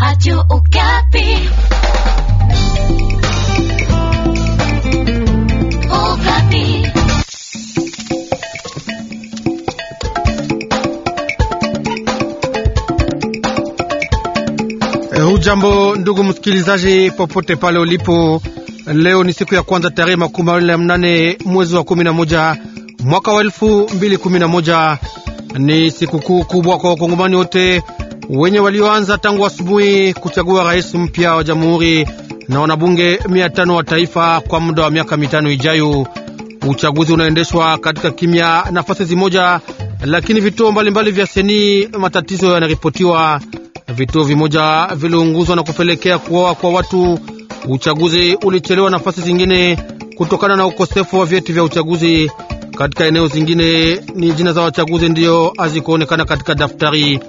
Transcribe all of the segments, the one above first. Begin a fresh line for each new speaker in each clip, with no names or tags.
Radio Okapi.
Okapi.
Eh, ujambo ndugu msikilizaji, popote pale ulipo. Leo ni siku ya kwanza tarehe makumi mawili na mnane mwezi wa kumi na moja mwaka wa elfu mbili kumi na moja. Ni sikukuu kubwa kwa wakongomani wote wenye walioanza tangu asubuhi kuchagua rais mpya wa jamhuri na wanabunge mia tano wa taifa kwa muda wa miaka mitano ijayo. Uchaguzi unaendeshwa katika kimya, nafasi zimoja lakini vituo mbalimbali vya seni matatizo yanaripotiwa. Vituo vimoja viliunguzwa na kupelekea kuoa kwa watu. Uchaguzi ulichelewa nafasi zingine kutokana na ukosefu wa vyeti vya uchaguzi. Katika eneo zingine ni jina za wachaguzi ndiyo hazikuonekana katika daftari.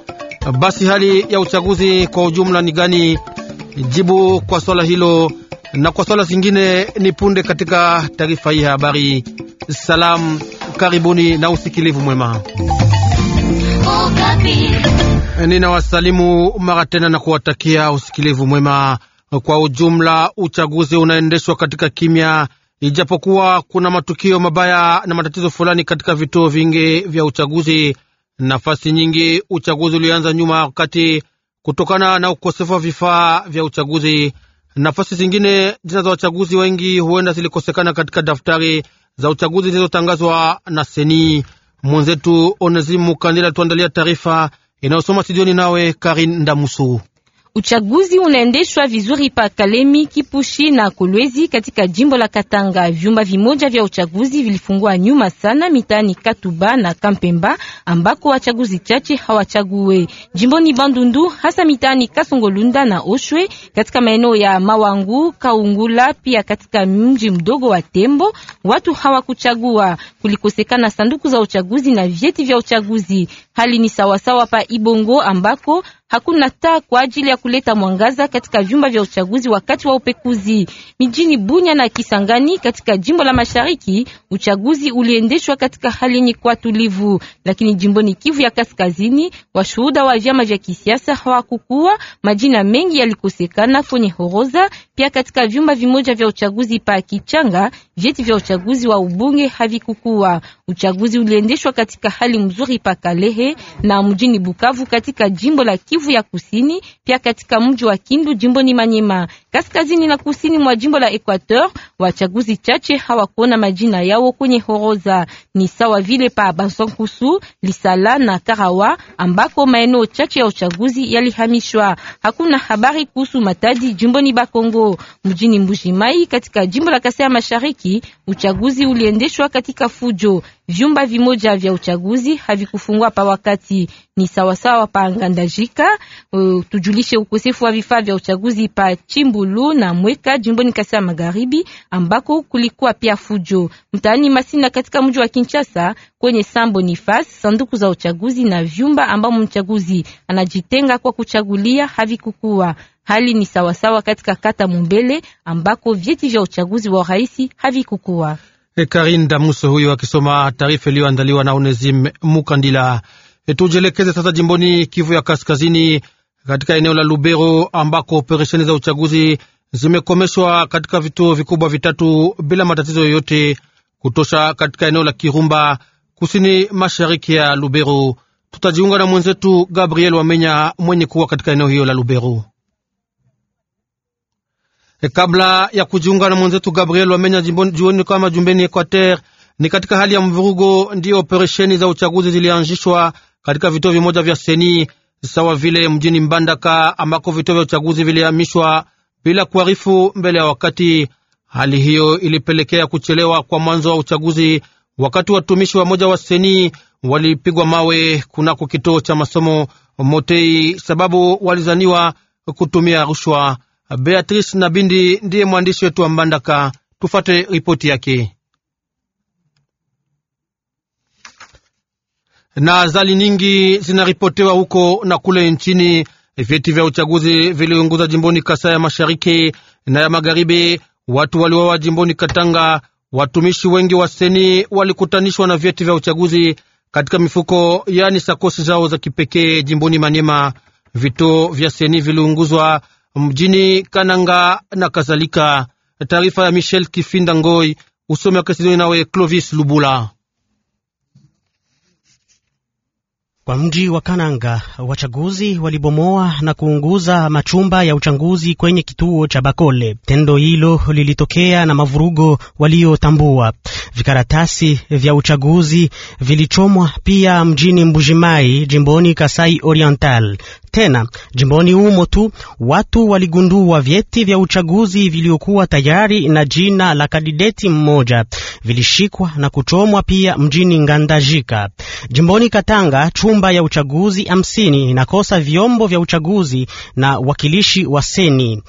Basi hali ya uchaguzi kwa ujumla ni gani? Jibu kwa swala hilo na kwa swala zingine ni punde katika taarifa hii ya habari. Salamu, karibuni na usikilivu mwema. Ninawasalimu mara tena na kuwatakia usikilivu mwema. Kwa ujumla, uchaguzi unaendeshwa katika kimya, ijapokuwa kuna matukio mabaya na matatizo fulani katika vituo vingi vya uchaguzi nafasi nyingi uchaguzi ulianza nyuma wakati kutokana na ukosefu wa vifaa vya uchaguzi. Nafasi zingine jina za wachaguzi wengi huenda zilikosekana katika daftari za uchaguzi zilizotangazwa na Seni. Mwenzetu Onezimu Kandila tuandalia taarifa inayosoma studioni nawe Karin Ndamusu.
Uchaguzi unaendeshwa vizuri pa Kalemi, Kipushi na Kolwezi katika jimbo la Katanga. Vyumba vimoja vya uchaguzi vilifungua nyuma sana mitaani Katuba na Kampemba ambako wachaguzi chache hawachague. Jimboni Bandundu hasa mitaani Kasongolunda na Oshwe katika maeneo ya Mawangu, Kaungula pia katika mji mdogo wa Tembo watu hawakuchagua. Kulikosekana sanduku za uchaguzi na vyeti vya uchaguzi. Hali ni sawasawa pa Ibongo ambako hakuna taa kwa ajili ya kuleta mwangaza katika vyumba vya uchaguzi wakati wa upekuzi. Mijini Bunya na Kisangani katika jimbo la Mashariki, uchaguzi uliendeshwa katika hali yenye kuwa tulivu, lakini jimboni Kivu ya Kaskazini, washuhuda wa vyama vya kisiasa hawakukuwa, majina mengi yalikosekana kwenye horoza pia katika vyumba vimoja vya uchaguzi pa Kichanga vyeti vya uchaguzi wa ubunge havikukua. Uchaguzi uliendeshwa katika hali mzuri pa Kalehe na mjini Bukavu katika jimbo la Kivu ya Kusini, pia katika mji wa Kindu jimbo ni Manyema kaskazini na kusini mwa jimbo la Equateur. Wachaguzi chache hawakuona majina yao kwenye horoza, ni sawa vile pa Bansankusu, Lisala na Karawa ambako maeneo chache ya uchaguzi yalihamishwa. Hakuna habari kuhusu Matadi jimboni Bakongo. Mjini Mbuji Mai katika jimbo la Kasai ya Mashariki, uchaguzi uliendeshwa katika fujo vyumba vimoja vya uchaguzi havikufungua pa wakati, ni sawasawa pa Ngandajika. Uh, tujulishe ukosefu wa vifaa vya uchaguzi pa Chimbulu na Mweka jimboni Kasai Magharibi, ambako kulikuwa pia fujo mtaani Masina katika mji wa Kinshasa kwenye Sambo Nifas. Sanduku za uchaguzi na vyumba ambamo mchaguzi anajitenga kwa kuchagulia havikukuwa hali ni sawasawa katika kata Mumbele ambako vyeti vya uchaguzi wa rais havikukuwa.
Eh, Karin Damuso huyo akisoma taarifa iliyoandaliwa na Onesim Mukandila. Eh, tujielekeze sasa jimboni Kivu ya Kaskazini, katika eneo la Lubero ambako operesheni za uchaguzi zimekomeshwa katika vituo vikubwa vitatu bila matatizo yoyote kutosha, katika eneo la Kirumba kusini mashariki ya Lubero. Tutajiunga na mwenzetu Gabriel Wamenya mwenye kuwa katika eneo hiyo la Lubero. E, kabla ya kujiunga na mwenzetu Gabriel Wamenya jioni kama jumbeni Equateur, ni katika hali ya mvurugo ndiyo operesheni za uchaguzi zilianzishwa katika vituo vimoja vya seni sawa vile mjini Mbandaka ambako vituo vya uchaguzi vilihamishwa bila kuarifu mbele ya wakati. Hali hiyo ilipelekea kuchelewa kwa mwanzo wa uchaguzi, wakati watumishi wa moja wa seni walipigwa mawe kunako kituo cha masomo Motei sababu walizaniwa kutumia rushwa. Beatrice Nabindi ndiye mwandishi wetu wa Mbandaka. Tufate ripoti yake. Na zali nyingi zinaripotewa huko na kule nchini. Vyeti vya uchaguzi viliunguza jimboni Kasai ya mashariki na ya magharibi. Watu waliwawa jimboni Katanga, watumishi wengi wa seni walikutanishwa na vyeti vya uchaguzi katika mifuko, yaani sakosi zao za kipekee jimboni Manyema. Vituo vya seni viliunguzwa mjini Kananga na kadhalika. Taarifa ya Michel Kifinda Ngoi usome wakesizoni nawe Clovis Lubula.
Kwa mji wa Kananga wachaguzi walibomoa na kuunguza machumba ya uchaguzi kwenye kituo cha Bakole. Tendo hilo lilitokea na mavurugo waliotambua. Vikaratasi vya uchaguzi vilichomwa pia mjini Mbujimai, jimboni Kasai Oriental. Tena jimboni humo tu watu waligundua vyeti vya uchaguzi viliokuwa tayari na jina la kandideti mmoja vilishikwa na kuchomwa pia mjini Ngandajika. Jimboni Katanga, chumba ya uchaguzi hamsini inakosa vyombo vya uchaguzi na wakilishi wa seni.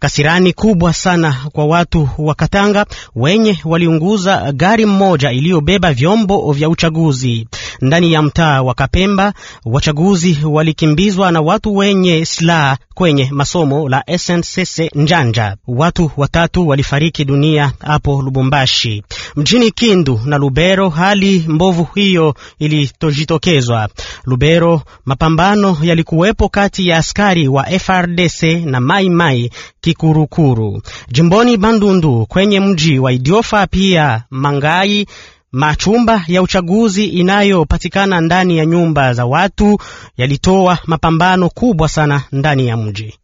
Kasirani kubwa sana kwa watu wa Katanga wenye waliunguza gari moja iliyobeba vyombo vya uchaguzi ndani ya mtaa wa Kapemba. Wachaguzi walikimbizwa na watu wenye silaha kwenye masomo la SNCC Njanja. Watu watatu walifariki dunia hapo Lubumbashi. Mjini Kindu na Lubero hali mbovu hiyo ilitojitokezwa Lubero, mapambano yalikuwepo kati ya askari wa FRDC na Mai Mai. Kikurukuru jimboni Bandundu kwenye mji wa Idiofa, pia Mangai machumba ya uchaguzi inayopatikana ndani ya nyumba za watu yalitoa mapambano kubwa sana ndani ya mji.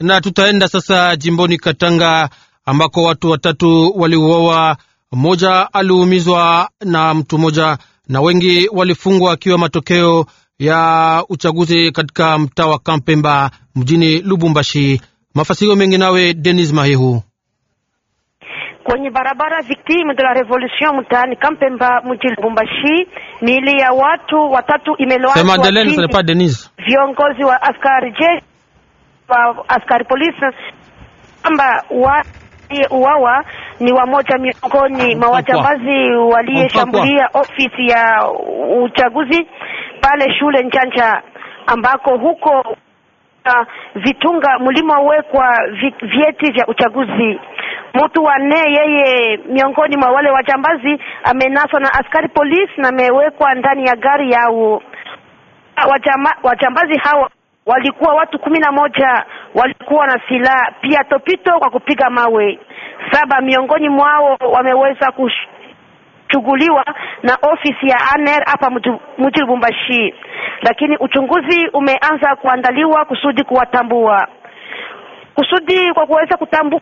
Na tutaenda sasa jimboni Katanga ambako watu watatu waliuawa, mmoja aliumizwa na mtu mmoja, na wengi walifungwa akiwa matokeo ya uchaguzi katika mtaa wa Kampemba mjini Lubumbashi. Mafasiko mengi nawe Denis Mahehu
kwenye barabara victime de la revolution mtaani Kampemba mjini Lubumbashi, miili ya watu watatu imelewa viongozi wa askari jeshi wa askari polisi kwamba uwawa ni wamoja miongoni mwa wajambazi waliyeshambulia ofisi ya uchaguzi pale shule njanja ambako huko vitunga mlimowekwa vyeti vya uchaguzi. Mtu wa nne yeye miongoni mwa wale wajambazi amenaswa na askari polisi na amewekwa ndani ya gari yao. Wajama, wajambazi hawa walikuwa watu kumi na moja, walikuwa na silaha pia topito kwa kupiga mawe. Saba miongoni mwao wameweza kushughuliwa na ofisi ya ANR hapa mji Lubumbashi lakini uchunguzi umeanza kuandaliwa kusudi kuwatambua kusudi kwa kuweza kutambua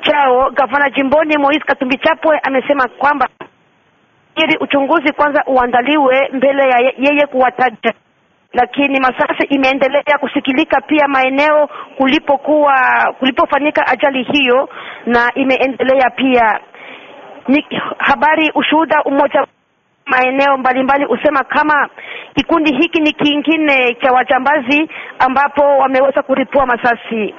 chao. Gavana jimboni Moise Katumbi Chapwe amesema kwamba ili uchunguzi kwanza uandaliwe mbele ya yeye kuwataja lakini masasi imeendelea kusikilika pia maeneo kulipokuwa kulipofanyika ajali hiyo, na imeendelea pia ni habari ushuhuda umoja maeneo mbalimbali husema kama kikundi hiki ni kingine cha wajambazi ambapo wameweza kuripua masasi.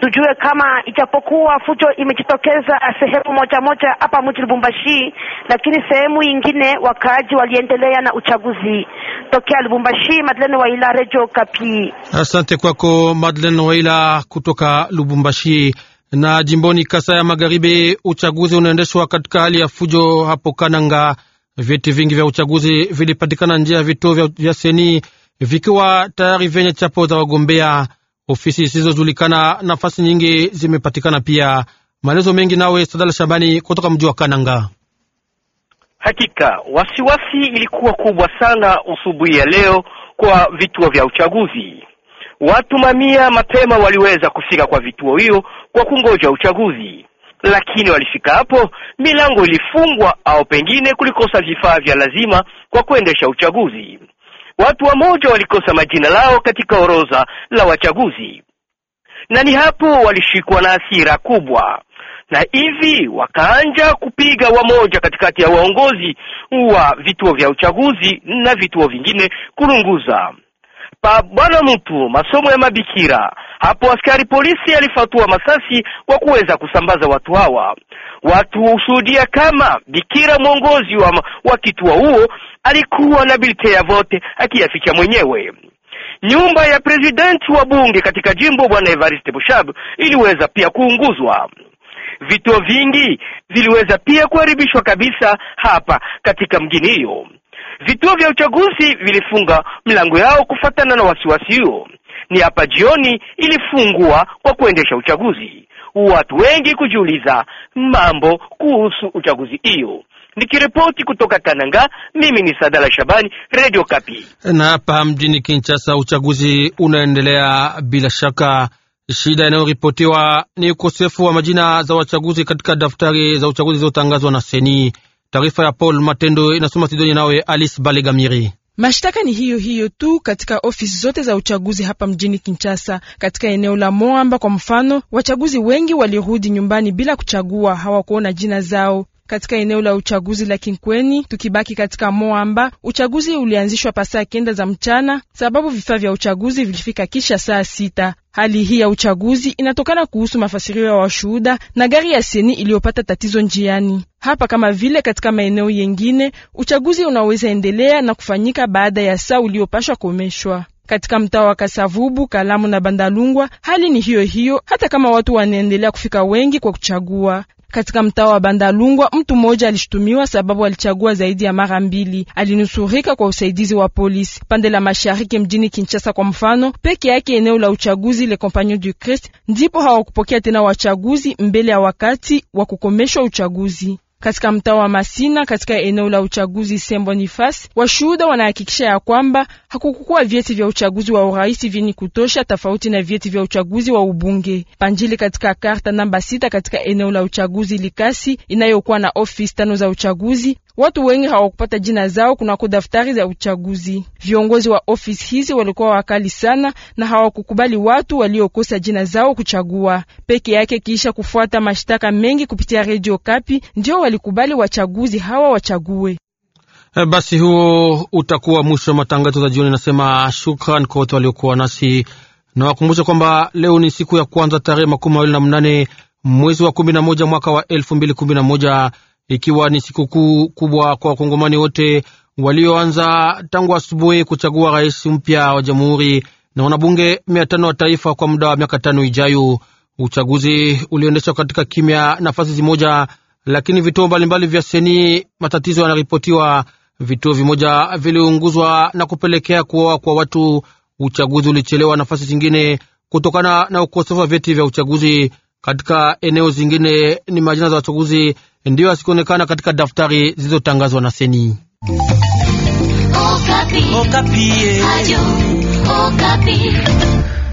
Tujue kama ijapokuwa fujo imejitokeza sehemu moja moja hapa mji Lubumbashi, lakini sehemu nyingine wakaaji waliendelea na uchaguzi. Tokea Lubumbashi, Madeleine Waila, Radio Kapi.
Asante kwako Madeleine Waila kutoka Lubumbashi. Na jimboni Kasai ya Magharibi, uchaguzi unaendeshwa katika hali ya fujo hapo Kananga. Vyeti vingi vya uchaguzi vilipatikana njia ya vituo vya, vya seni vikiwa tayari vyenye chapo za wagombea. Ofisi zisizojulikana nafasi nyingi zimepatikana pia. Maelezo mengi nawe Sadala Shabani kutoka mji wa Kananga.
Hakika wasiwasi ilikuwa kubwa sana usubuhi ya leo kwa vituo vya uchaguzi. Watu mamia mapema waliweza kufika kwa vituo hiyo kwa kungoja uchaguzi lakini walifika hapo, milango ilifungwa au pengine kulikosa vifaa vya lazima kwa kuendesha uchaguzi. Watu wamoja walikosa majina lao katika orodha la wachaguzi, na ni hapo walishikwa na asira kubwa, na hivi wakaanja kupiga wamoja katikati ya waongozi wa vituo vya uchaguzi na vituo vingine kurunguza pa bwana mtu masomo ya mabikira. Hapo askari polisi alifatua masasi kwa kuweza kusambaza watu hawa. Watu hushuhudia kama bikira mwongozi wa, wa kituo huo alikuwa na bilte ya vote akiyaficha mwenyewe. Nyumba ya presidenti wa bunge katika jimbo bwana Evariste Bushab iliweza pia kuunguzwa. Vituo vingi viliweza pia kuharibishwa kabisa hapa katika mjini hiyo. Vituo vya uchaguzi vilifunga milango yao kufatana na wasiwasi huo. Ni hapa jioni ilifungua kwa kuendesha uchaguzi, watu wengi kujiuliza mambo kuhusu uchaguzi hiyo. Nikiripoti kutoka Kananga, mimi ni Sadala Shabani, Radio Kapi.
Na hapa mjini Kinshasa uchaguzi unaendelea bila shaka. Shida inayoripotiwa ni ukosefu wa majina za wachaguzi katika daftari za uchaguzi zilizotangazwa na Seni. Taarifa ya Paul Matendo inasoma studioni nawe Alice Balegamiri. Mashtaka
ni hiyo hiyo tu katika ofisi zote za uchaguzi hapa mjini Kinshasa. Katika eneo la Moamba kwa mfano, wachaguzi wengi walirudi nyumbani bila kuchagua, hawakuona jina zao katika eneo la uchaguzi la Kinkweni. Tukibaki katika Moamba, uchaguzi ulianzishwa pasaa kenda za mchana, sababu vifaa vya uchaguzi vilifika kisha saa sita. Hali hii ya uchaguzi inatokana kuhusu mafasirio ya washuhuda na gari ya seni iliyopata tatizo njiani. Hapa kama vile katika maeneo yengine, uchaguzi unaweza endelea na kufanyika baada ya saa uliopashwa komeshwa. Katika mtaa wa Kasavubu, Kalamu na Bandalungwa hali ni hiyo hiyo, hata kama watu wanaendelea kufika wengi kwa kuchagua. Katika mtaa wa Bandalungwa mtu mmoja alishutumiwa sababu alichagua zaidi ya mara mbili. Alinusurika kwa usaidizi wa polisi. Pande la mashariki mjini Kinshasa kwa mfano, peke yake eneo la uchaguzi Le Compagnon du Christ ndipo hawakupokea tena wachaguzi mbele ya wakati wa kukomeshwa uchaguzi katika mtaa wa Masina katika eneo la uchaguzi Saint Boniface. Washuhuda wanahakikisha ya kwamba hakukukuwa vyeti vya uchaguzi wa urais vyenye kutosha, tofauti na vyeti vya uchaguzi wa ubunge panjili katika karta namba sita katika eneo la uchaguzi Likasi inayokuwa na ofisi tano za uchaguzi Watu wengi hawakupata jina zao kunako daftari za uchaguzi. Viongozi wa ofisi hizi walikuwa wakali sana na hawakukubali watu waliokosa jina zao kuchagua peke yake. Kisha kufuata mashtaka mengi kupitia redio Kapi, ndio walikubali wachaguzi hawa wachague.
E, basi huo utakuwa mwisho wa matangazo za jioni. Nasema shukran kwa wote waliokuwa nasi na kwamba leo ni siku ya kwanza tarehe makumi mawili na mnane mwezi wa kumi na moja mwaka wa elfu mbili kumi na moja ikiwa ni sikukuu kubwa kwa wakongomani wote walioanza tangu asubuhi kuchagua rais mpya wa jamhuri na wanabunge mia tano wa taifa kwa muda wa miaka tano ijayo. Uchaguzi uliendeshwa katika kimya, nafasi zimoja, lakini vituo mbalimbali vya seni matatizo yanaripotiwa. Vituo vimoja viliunguzwa na kupelekea kuoa kwa watu. Uchaguzi ulichelewa nafasi zingine kutokana na ukosefu wa vyeti vya uchaguzi. Katika eneo zingine ni majina za wachaguzi ndiyo asikuonekana katika daftari zilizotangazwa na Seni.
Okapi. Okapi.